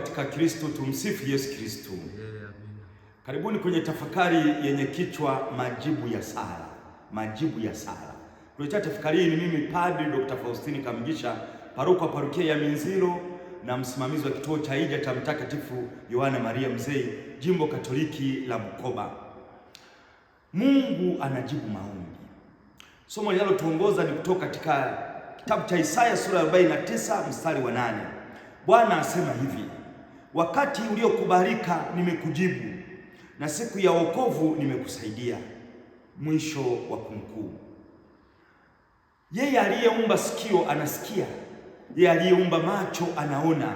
katika Kristo. Tumsifu Yesu Kristo. Karibuni kwenye tafakari yenye kichwa majibu ya sala, majibu ya sala. Kuletea tafakari hii ni mimi Padri Dr. Faustini Kamugisha, paroko wa Parokia ya Minziro na msimamizi wa kituo cha hija cha Mtakatifu Yohana Maria Mzee, Jimbo Katoliki la Bukoba. Mungu anajibu maombi. Somo linalotuongoza ni kutoka katika kitabu cha Isaya sura ya 49 mstari wa 8. Bwana asema hivi: wakati uliokubalika nimekujibu, na siku ya wokovu nimekusaidia. Mwisho wa kumkuu Yeye aliyeumba sikio anasikia, yeye aliyeumba macho anaona.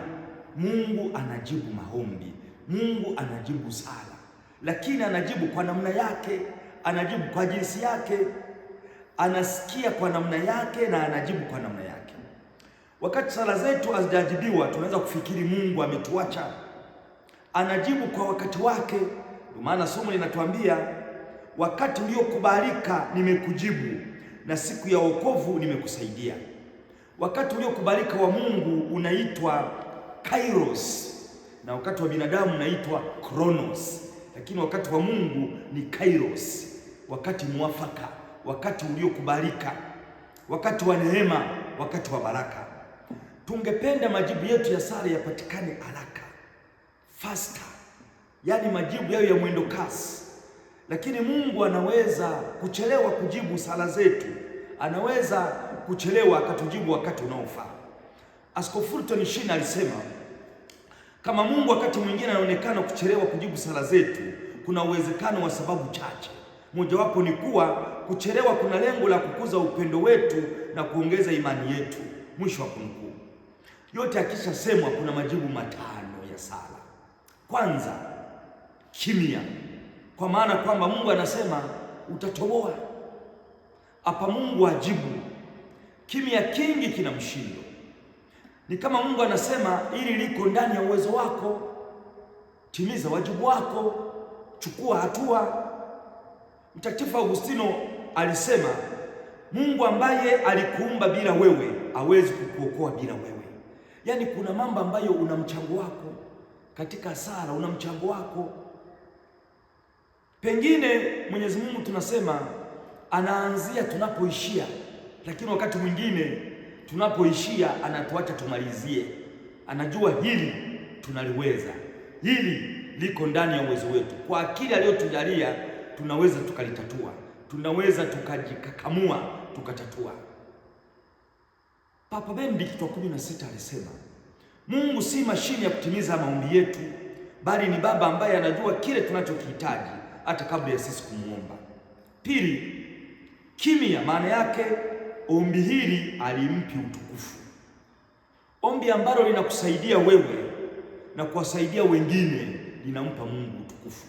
Mungu anajibu maombi, Mungu anajibu sala, lakini anajibu kwa namna yake, anajibu kwa jinsi yake, anasikia kwa namna yake na anajibu kwa namna yake. Wakati sala zetu hazijajibiwa, tunaweza kufikiri Mungu ametuacha. Anajibu kwa wakati wake. Ndio maana somo linatuambia wakati uliokubalika nimekujibu, na siku ya wokovu nimekusaidia. Wakati uliokubalika wa Mungu unaitwa kairos, na wakati wa binadamu unaitwa kronos, lakini wakati wa Mungu ni kairos, wakati mwafaka, wakati uliokubalika, wakati wa neema, wakati wa baraka. Tungependa majibu yetu ya sare yapatikane haraka faster, yaani majibu yayo ya mwendo kasi, lakini Mungu anaweza kuchelewa kujibu sala zetu, anaweza kuchelewa akatujibu wakati unaofaa. Askofu Fulton Sheen alisema kama Mungu wakati mwingine anaonekana kuchelewa kujibu sala zetu, kuna uwezekano wa sababu chache. Mojawapo ni kuwa kuchelewa kuna lengo la kukuza upendo wetu na kuongeza imani yetu. Mwisho wa kunukuu yote akishasemwa, kuna majibu matano ya sala. Kwanza, kimya, kwa maana kwamba Mungu anasema utatoboa. Hapa Mungu ajibu, kimya kingi kina mshindo. Ni kama Mungu anasema ili liko ndani ya uwezo wako, timiza wajibu wako, chukua hatua. Mtakatifu Augustino alisema Mungu ambaye alikuumba bila wewe hawezi kukuokoa bila wewe. Yaani kuna mambo ambayo una mchango wako katika sala, una mchango wako. Pengine Mwenyezi Mungu tunasema anaanzia tunapoishia, lakini wakati mwingine tunapoishia anatuacha tumalizie. Anajua hili tunaliweza, hili liko ndani ya uwezo wetu. Kwa akili aliyotujalia tunaweza tukalitatua, tunaweza tukajikakamua tukatatua. Papa Benedikto wa kumi na sita alisema Mungu si mashine ya kutimiza maombi yetu, bali ni baba ambaye anajua kile tunachokihitaji hata kabla ya sisi kumwomba. Pili, kimya, maana yake ombi hili alimpi utukufu, ombi ambalo linakusaidia wewe na kuwasaidia wengine linampa Mungu utukufu,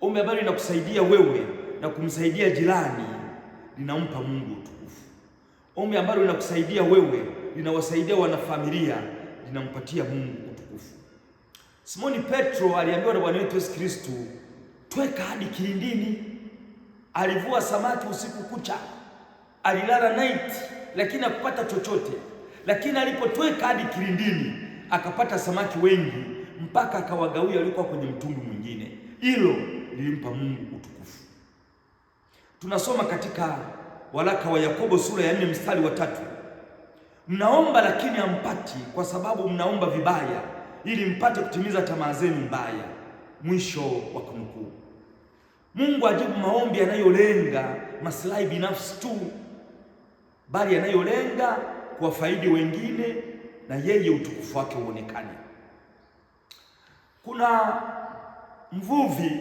ombi ambalo linakusaidia wewe na kumsaidia jirani linampa Mungu utukufu. Ombi ambalo linakusaidia wewe, linawasaidia wanafamilia, linampatia Mungu utukufu. Simoni Petro aliambiwa na Bwana wetu Yesu Kristo, tweka hadi kilindini. Alivua samaki usiku kucha, alilala night, lakini hakupata chochote. Lakini alipotweka hadi kilindini, akapata samaki wengi, mpaka akawagawia walikuwa kwenye mtundu mwingine. Hilo lilimpa Mungu utukufu. Tunasoma katika waraka wa Yakobo sura ya nne mstari wa tatu mnaomba lakini hampati, kwa sababu mnaomba vibaya, ili mpate kutimiza tamaa zenu mbaya. Mwisho wa kunukuu. Mungu ajibu maombi yanayolenga maslahi binafsi tu, bali yanayolenga kuwafaidi wengine na yeye utukufu wake uonekane. Kuna mvuvi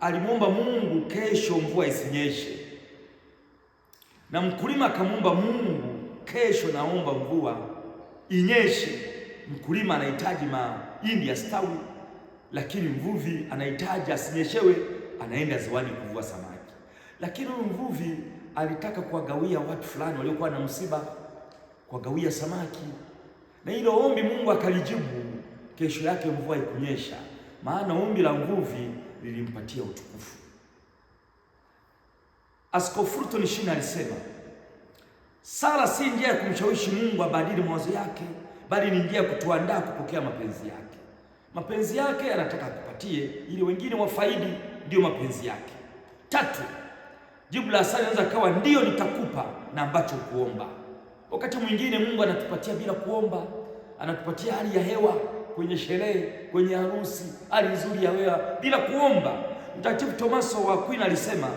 alimwomba Mungu kesho mvua isinyeshe, na mkulima akamwomba Mungu, kesho naomba mvua inyeshe. Mkulima anahitaji mahindi yastawi, lakini mvuvi anahitaji asinyeshewe, anaenda ziwani kuvua samaki. Lakini huyu mvuvi alitaka kuwagawia watu fulani waliokuwa na msiba, kuwagawia samaki, na ilo ombi Mungu akalijibu. Kesho yake mvua ikunyesha, maana ombi la mvuvi lilimpatia utukufu. Askofu Fulton Sheen alisema sala si njia ya kumshawishi Mungu abadili mawazo yake, bali ni njia ya kutuandaa kupokea mapenzi yake. Mapenzi yake anataka akupatie ili wengine wafaidi, ndiyo mapenzi yake. Tatu, jibu la sala linaweza kawa ndiyo nitakupa na ambacho kuomba. Wakati mwingine Mungu anatupatia bila kuomba, anatupatia hali ya hewa kwenye sherehe, kwenye harusi, hali nzuri ya hewa bila kuomba. Mtakatifu Tomaso wa Aquino alisema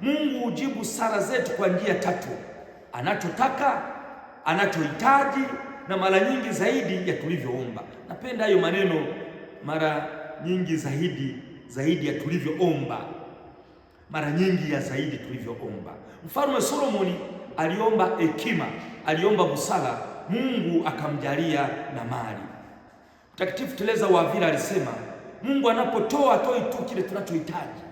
Mungu hujibu sala zetu kwa njia tatu: anachotaka, anachohitaji na mara nyingi zaidi ya tulivyoomba. Napenda hayo maneno, mara nyingi zaidi, zaidi ya tulivyoomba, mara nyingi ya zaidi tulivyoomba. Mfalme Solomoni aliomba hekima, aliomba busara, Mungu akamjalia na mali. Mtakatifu Teresa wa Avila alisema, Mungu anapotoa atoi tu kile tunachohitaji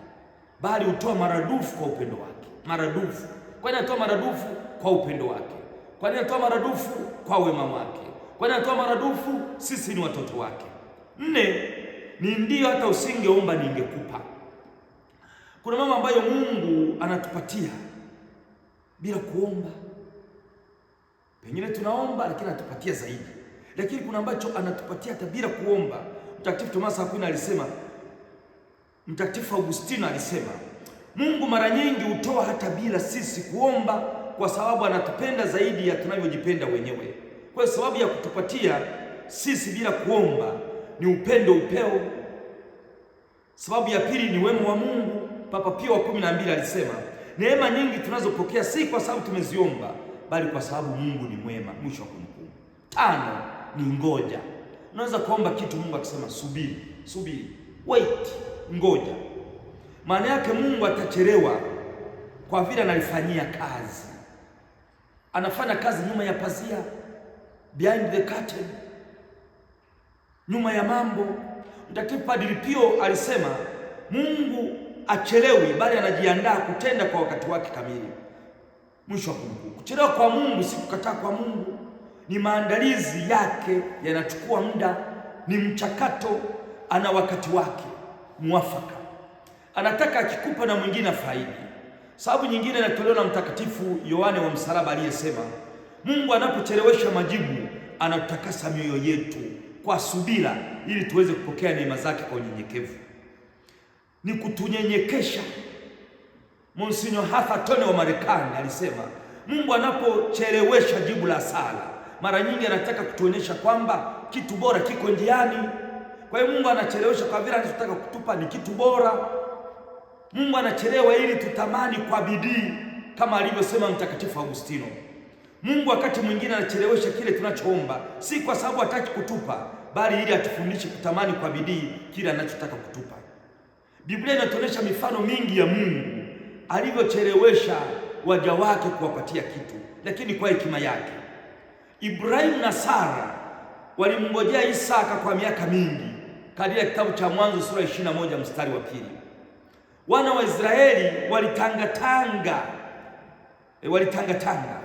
bali hutoa maradufu kwa upendo wake. Maradufu. Kwa nini anatoa maradufu kwa upendo wake? Kwa nini anatoa maradufu kwa wema wake? Kwa nini anatoa maradufu? Sisi ni watoto wake. Nne ni ndio, hata usingeomba ningekupa. Kuna mambo ambayo Mungu anatupatia bila kuomba. Pengine tunaomba lakini anatupatia zaidi, lakini kuna ambacho anatupatia hata bila kuomba. Mtakatifu Thomas Akwina alisema Mtakatifu Augustino alisema, Mungu mara nyingi hutoa hata bila sisi kuomba, kwa sababu anatupenda zaidi ya tunavyojipenda wenyewe. Kwa hiyo sababu ya kutupatia sisi bila kuomba ni upendo upeo. Sababu ya pili ni wema wa Mungu. Papa Pio wa kumi na mbili alisema, neema nyingi tunazopokea si kwa sababu tumeziomba, bali kwa sababu Mungu ni mwema. Mwisho wa kumkuu. Tano ni ngoja. Unaweza kuomba kitu Mungu akisema subiri, subiri, wait ngoja. Maana yake Mungu atachelewa kwa vile analifanyia kazi, anafanya kazi nyuma ya pazia, behind the curtain, nyuma ya mambo. Mtakatifu Padri Pio alisema Mungu achelewi, bali anajiandaa kutenda kwa wakati wake kamili. Mwisho wa kumkuu. Kuchelewa kwa Mungu si kukataa kwa Mungu, ni maandalizi yake yanachukua muda, ni mchakato, ana wakati wake mwafaka, anataka akikupa na mwingine afaidi. Sababu nyingine inatolewa na Mtakatifu Yohane wa Msalaba aliyesema, Mungu anapochelewesha majibu anatakasa mioyo yetu kwa subira, ili tuweze kupokea neema zake kwa unyenyekevu. Ni kutunyenyekesha. Monsinyori Arthur Tone wa Marekani alisema Mungu anapochelewesha jibu la sala mara nyingi anataka kutuonyesha kwamba kitu bora kiko njiani. Kwa hiyo Mungu anachelewesha kwa vile anachotaka kutupa ni kitu bora. Mungu anachelewa ili tutamani kwa bidii kama alivyosema Mtakatifu Agustino. Mungu wakati mwingine anachelewesha kile tunachoomba, si kwa sababu hataki kutupa, bali ili atufundishe kutamani kwa bidii kile anachotaka kutupa. Biblia inatuonyesha mifano mingi ya Mungu alivyochelewesha waja wake kuwapatia kitu, lakini kwa hekima yake. Ibrahimu na Sara walimngojea Isaka kwa miaka mingi, katika kitabu cha Mwanzo sura 21 moja mstari wa pili. Wana wa Israeli walitangatanga e, walitangatanga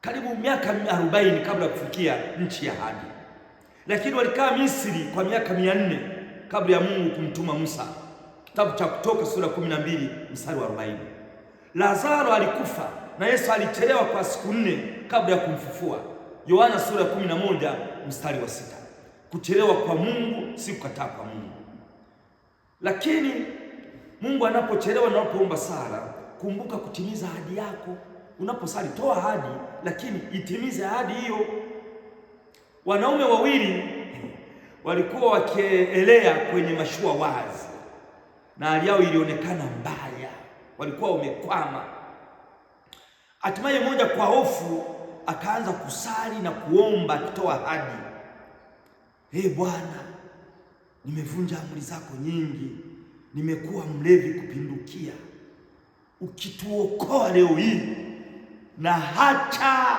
karibu miaka arobaini kabla ya kufikia nchi ya ahadi, lakini walikaa Misri kwa miaka mia nne kabla ya Mungu kumtuma Musa. Kitabu cha Kutoka sura 12 mstari wa 40. Lazaro alikufa na Yesu alichelewa kwa siku nne kabla ya kumfufua. Yohana sura ya mstari wa sita. Kuchelewa kwa Mungu si kukataa kwa Mungu. Lakini Mungu anapochelewa na unapoomba sala, kumbuka kutimiza ahadi yako. Unaposali toa ahadi, lakini itimize ahadi hiyo. Wanaume wawili walikuwa wakielea kwenye mashua wazi, na hali yao ilionekana mbaya, walikuwa wamekwama. Hatimaye mmoja kwa hofu akaanza kusali na kuomba, akitoa ahadi hey, Bwana, nimevunja amri zako nyingi, nimekuwa mlevi kupindukia. Ukituokoa leo hii na hata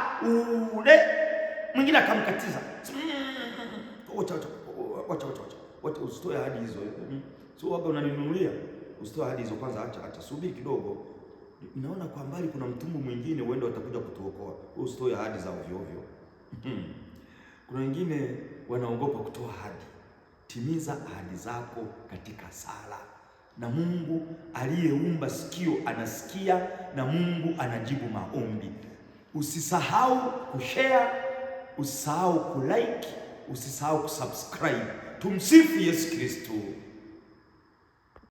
ule mwingine akamkatiza, mm. wacha wacha wacha, usitoe ahadi hizo, mm. sio waga, unaninunulia usitoe ahadi hizo kwanza, acha acha, subiri kidogo. Naona kwa mbali kuna mtumbu mwingine, uende watakuja kutuokoa, usitoe ahadi za ovyo ovyo. Mm. Kuna wengine wanaogopa kutoa ahadi. Timiza ahadi zako katika sala, na Mungu aliyeumba sikio anasikia, na Mungu anajibu maombi. Usisahau kushare, usisahau kulike, usisahau kusubscribe. Tumsifu Yesu Kristo.